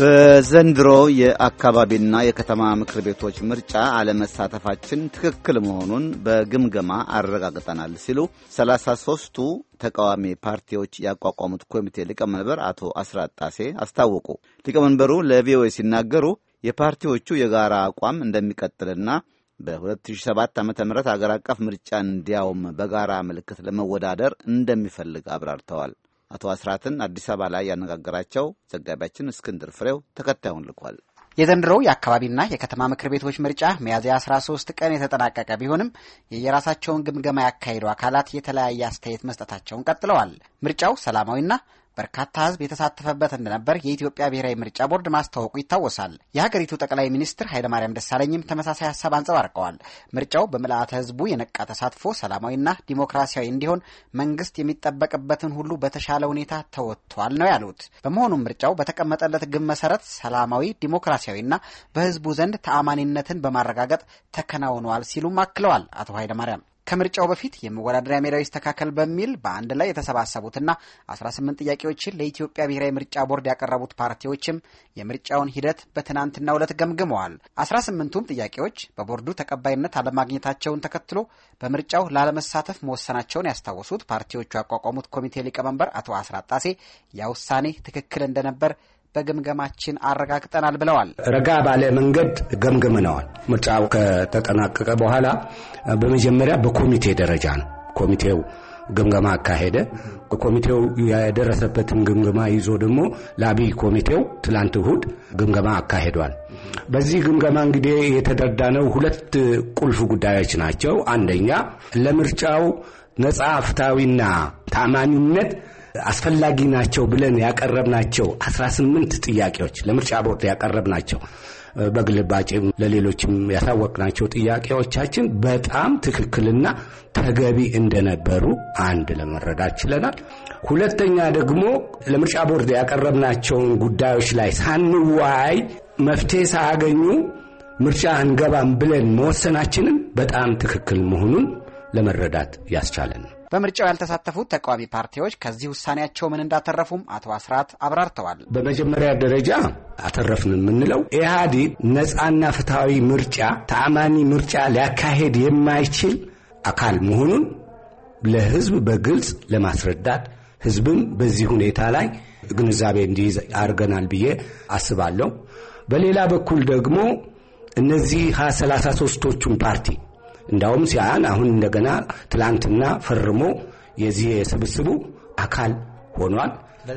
በዘንድሮ የአካባቢና የከተማ ምክር ቤቶች ምርጫ አለመሳተፋችን ትክክል መሆኑን በግምገማ አረጋግጠናል ሲሉ 33ቱ ተቃዋሚ ፓርቲዎች ያቋቋሙት ኮሚቴ ሊቀመንበር አቶ አስራት ጣሴ አስታወቁ። ሊቀመንበሩ ለቪኦኤ ሲናገሩ የፓርቲዎቹ የጋራ አቋም እንደሚቀጥልና በ2007 ዓ ም አገር አቀፍ ምርጫ እንዲያውም በጋራ ምልክት ለመወዳደር እንደሚፈልግ አብራርተዋል። አቶ አስራትን አዲስ አበባ ላይ ያነጋገራቸው ዘጋቢያችን እስክንድር ፍሬው ተከታዩን ልኳል። የዘንድሮው የአካባቢና የከተማ ምክር ቤቶች ምርጫ ሚያዝያ 13 ቀን የተጠናቀቀ ቢሆንም የየራሳቸውን ግምገማ ያካሄዱ አካላት የተለያየ አስተያየት መስጠታቸውን ቀጥለዋል። ምርጫው ሰላማዊና በርካታ ህዝብ የተሳተፈበት እንደነበር የኢትዮጵያ ብሔራዊ ምርጫ ቦርድ ማስታወቁ ይታወሳል። የሀገሪቱ ጠቅላይ ሚኒስትር ኃይለማርያም ደሳለኝም ተመሳሳይ ሀሳብ አንጸባርቀዋል። ምርጫው በምልአተ ህዝቡ የነቃ ተሳትፎ ሰላማዊና ዲሞክራሲያዊ እንዲሆን መንግስት የሚጠበቅበትን ሁሉ በተሻለ ሁኔታ ተወጥቷል ነው ያሉት። በመሆኑም ምርጫው በተቀመጠለት ግብ መሰረት ሰላማዊ፣ ዲሞክራሲያዊና በህዝቡ ዘንድ ተአማኒነትን በማረጋገጥ ተከናውኗል ሲሉም አክለዋል አቶ ኃይለማርያም ከምርጫው በፊት የመወዳደሪያ ሜዳው ይስተካከል በሚል በአንድ ላይ የተሰባሰቡትና 18 ጥያቄዎችን ለኢትዮጵያ ብሔራዊ ምርጫ ቦርድ ያቀረቡት ፓርቲዎችም የምርጫውን ሂደት በትናንትናው ዕለት ገምግመዋል። 18ቱም ጥያቄዎች በቦርዱ ተቀባይነት አለማግኘታቸውን ተከትሎ በምርጫው ላለመሳተፍ መወሰናቸውን ያስታወሱት ፓርቲዎቹ ያቋቋሙት ኮሚቴ ሊቀመንበር አቶ አስራጣሴ ያውሳኔ ያ ውሳኔ ትክክል እንደነበር በግምገማችን አረጋግጠናል ብለዋል። ረጋ ባለ መንገድ ገምግመነዋል። ምርጫው ከተጠናቀቀ በኋላ በመጀመሪያ በኮሚቴ ደረጃ ነው። ኮሚቴው ግምገማ አካሄደ። ኮሚቴው የደረሰበትን ግምገማ ይዞ ደግሞ ለአብይ ኮሚቴው ትላንት እሁድ ግምገማ አካሄዷል። በዚህ ግምገማ እንግዲህ የተደረዳነው ሁለት ቁልፍ ጉዳዮች ናቸው። አንደኛ ለምርጫው ነፃ ፍትሐዊና ታማኒነት አስፈላጊ ናቸው ብለን ያቀረብናቸው ስምንት ጥያቄዎች ለምርጫ ቦርድ ያቀረብናቸው በግልባጭም ለሌሎችም ያሳወቅናቸው ጥያቄዎቻችን በጣም ትክክልና ተገቢ እንደነበሩ አንድ ለመረዳት ችለናል። ሁለተኛ ደግሞ ለምርጫ ቦርድ ያቀረብናቸውን ጉዳዮች ላይ ሳንዋይ መፍትሄ ሳያገኙ ምርጫ አንገባም ብለን መወሰናችንን በጣም ትክክል መሆኑን ለመረዳት ያስቻለን በምርጫው ያልተሳተፉት ተቃዋሚ ፓርቲዎች ከዚህ ውሳኔያቸው ምን እንዳተረፉም አቶ አስራት አብራርተዋል። በመጀመሪያ ደረጃ አተረፍን የምንለው ኢህአዲግ ነፃና ፍትሐዊ ምርጫ፣ ተአማኒ ምርጫ ሊያካሄድ የማይችል አካል መሆኑን ለህዝብ በግልጽ ለማስረዳት ህዝብም በዚህ ሁኔታ ላይ ግንዛቤ እንዲይዝ አድርገናል ብዬ አስባለሁ። በሌላ በኩል ደግሞ እነዚህ 33ቱም ፓርቲ እንዳውም ሲያን አሁን እንደገና ትላንትና ፈርሞ የዚህ የስብስቡ አካል ሆኗል።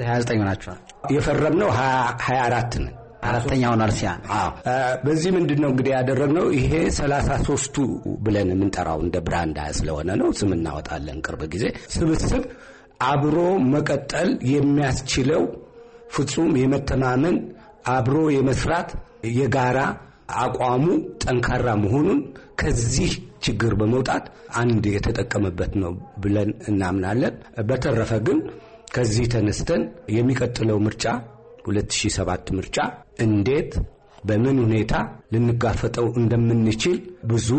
ሀያ ዘጠኝ ሆናችኋል። የፈረምነው ሀያ አራት ነን። አራተኛ ሆኗል። ሲያን በዚህ ምንድን ነው እንግዲህ ያደረግነው ይሄ ሰላሳ ሶስቱ ብለን የምንጠራው እንደ ብራንድ ስለሆነ ነው። ስም እናወጣለን ቅርብ ጊዜ ስብስብ አብሮ መቀጠል የሚያስችለው ፍጹም የመተማመን አብሮ የመስራት የጋራ አቋሙ ጠንካራ መሆኑን ከዚህ ችግር በመውጣት አንድ የተጠቀመበት ነው ብለን እናምናለን። በተረፈ ግን ከዚህ ተነስተን የሚቀጥለው ምርጫ 2007 ምርጫ እንዴት በምን ሁኔታ ልንጋፈጠው እንደምንችል ብዙ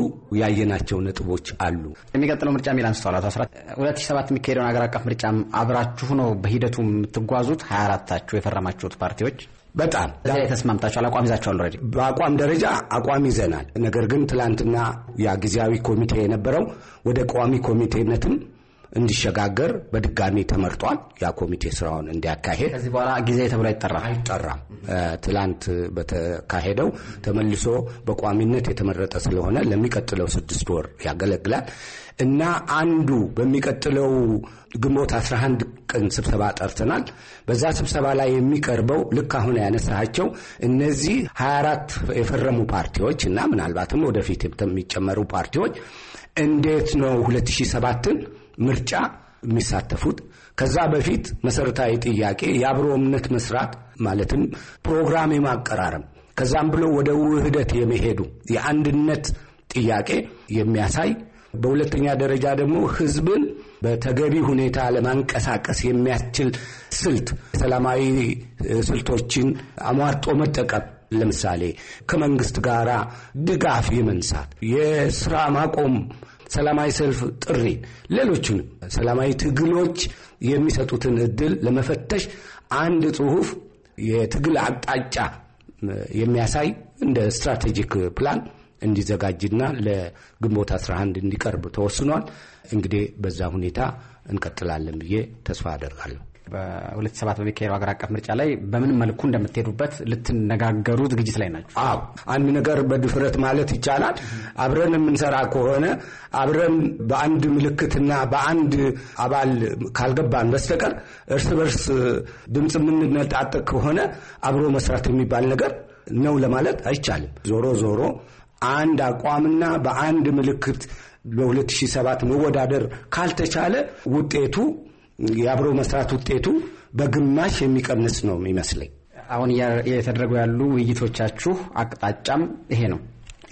ያየናቸው ነጥቦች አሉ። የሚቀጥለው ምርጫ የሚል አንስተዋል አቶ አስራት 2007 የሚካሄደውን ሀገር አቀፍ ምርጫም አብራችሁ ነው በሂደቱ የምትጓዙት 24ታችሁ የፈረማችሁት ፓርቲዎች በጣም ተስማምታችኋል? አቋም ይዛችኋል? ኦልሬዲ በአቋም ደረጃ አቋም ይዘናል። ነገር ግን ትላንትና ያ ጊዜያዊ ኮሚቴ የነበረው ወደ ቋሚ ኮሚቴነትም እንዲሸጋገር በድጋሚ ተመርጧል። ያ ኮሚቴ ስራውን እንዲያካሄድ ከዚህ በኋላ ጊዜ ተብሎ አይጠራም አይጠራም። ትላንት በተካሄደው ተመልሶ በቋሚነት የተመረጠ ስለሆነ ለሚቀጥለው ስድስት ወር ያገለግላል እና አንዱ በሚቀጥለው ግንቦት 11 ቀን ስብሰባ ጠርተናል። በዛ ስብሰባ ላይ የሚቀርበው ልክ አሁን ያነሳቸው እነዚህ 24 የፈረሙ ፓርቲዎች እና ምናልባትም ወደፊት የሚጨመሩ ፓርቲዎች እንዴት ነው 2007ን ምርጫ የሚሳተፉት ከዛ በፊት መሰረታዊ ጥያቄ የአብሮ እምነት መስራት ማለትም ፕሮግራም የማቀራረብ ከዛም ብሎ ወደ ውህደት የመሄዱ የአንድነት ጥያቄ የሚያሳይ በሁለተኛ ደረጃ ደግሞ ህዝብን በተገቢ ሁኔታ ለማንቀሳቀስ የሚያስችል ስልት ሰላማዊ ስልቶችን አሟርጦ መጠቀም ለምሳሌ ከመንግስት ጋር ድጋፍ የመንሳት የስራ ማቆም ሰላማዊ ሰልፍ ጥሪ፣ ሌሎቹን ሰላማዊ ትግሎች የሚሰጡትን እድል ለመፈተሽ አንድ ጽሁፍ የትግል አቅጣጫ የሚያሳይ እንደ ስትራቴጂክ ፕላን እንዲዘጋጅና ለግንቦት 11 እንዲቀርብ ተወስኗል። እንግዲህ በዛ ሁኔታ እንቀጥላለን ብዬ ተስፋ አደርጋለሁ። በሁለት ሰባት በሚካሄደው ሀገር አቀፍ ምርጫ ላይ በምን መልኩ እንደምትሄዱበት ልትነጋገሩ ዝግጅት ላይ ናቸው? አዎ አንድ ነገር በድፍረት ማለት ይቻላል አብረን የምንሰራ ከሆነ አብረን በአንድ ምልክትና በአንድ አባል ካልገባን በስተቀር እርስ በርስ ድምፅ የምንነጣጥቅ ከሆነ አብሮ መስራት የሚባል ነገር ነው ለማለት አይቻልም። ዞሮ ዞሮ አንድ አቋምና በአንድ ምልክት በ2007 መወዳደር ካልተቻለ ውጤቱ የአብሮ መስራት ውጤቱ በግማሽ የሚቀንስ ነው የሚመስለኝ። አሁን የተደረጉ ያሉ ውይይቶቻችሁ አቅጣጫም ይሄ ነው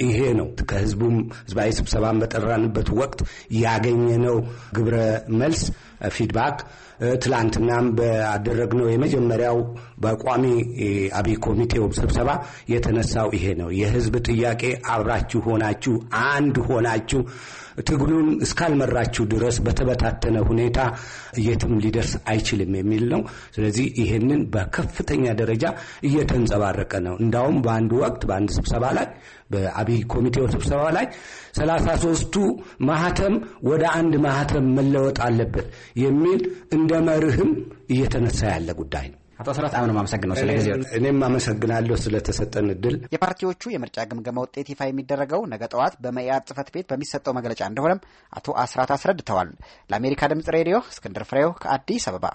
ይሄ ነው። ከህዝቡም ህዝባዊ ስብሰባን በጠራንበት ወቅት ያገኘነው ግብረ መልስ ፊድባክ ትላንትናም ባደረግነው የመጀመሪያው በቋሚ አብይ ኮሚቴው ስብሰባ የተነሳው ይሄ ነው። የህዝብ ጥያቄ አብራችሁ ሆናችሁ አንድ ሆናችሁ ትግሉን እስካልመራችሁ ድረስ በተበታተነ ሁኔታ የትም ሊደርስ አይችልም የሚል ነው። ስለዚህ ይሄንን በከፍተኛ ደረጃ እየተንጸባረቀ ነው። እንዳውም በአንድ ወቅት በአንድ ስብሰባ ላይ በአብይ ኮሚቴው ስብሰባ ላይ ሰላሳ ሶስቱ ማህተም ወደ አንድ ማህተም መለወጥ አለበት የሚል እንደ መርህም እየተነሳ ያለ ጉዳይ ነው። አቶ ስራት አሁን አመሰግነው ስለ ጊዜ እኔም አመሰግናለሁ ስለተሰጠን እድል። የፓርቲዎቹ የምርጫ ግምገማ ውጤት ይፋ የሚደረገው ነገ ጠዋት በመኢአድ ጽህፈት ቤት በሚሰጠው መግለጫ እንደሆነም አቶ አስራት አስረድተዋል። ለአሜሪካ ድምጽ ሬዲዮ እስክንድር ፍሬው ከአዲስ አበባ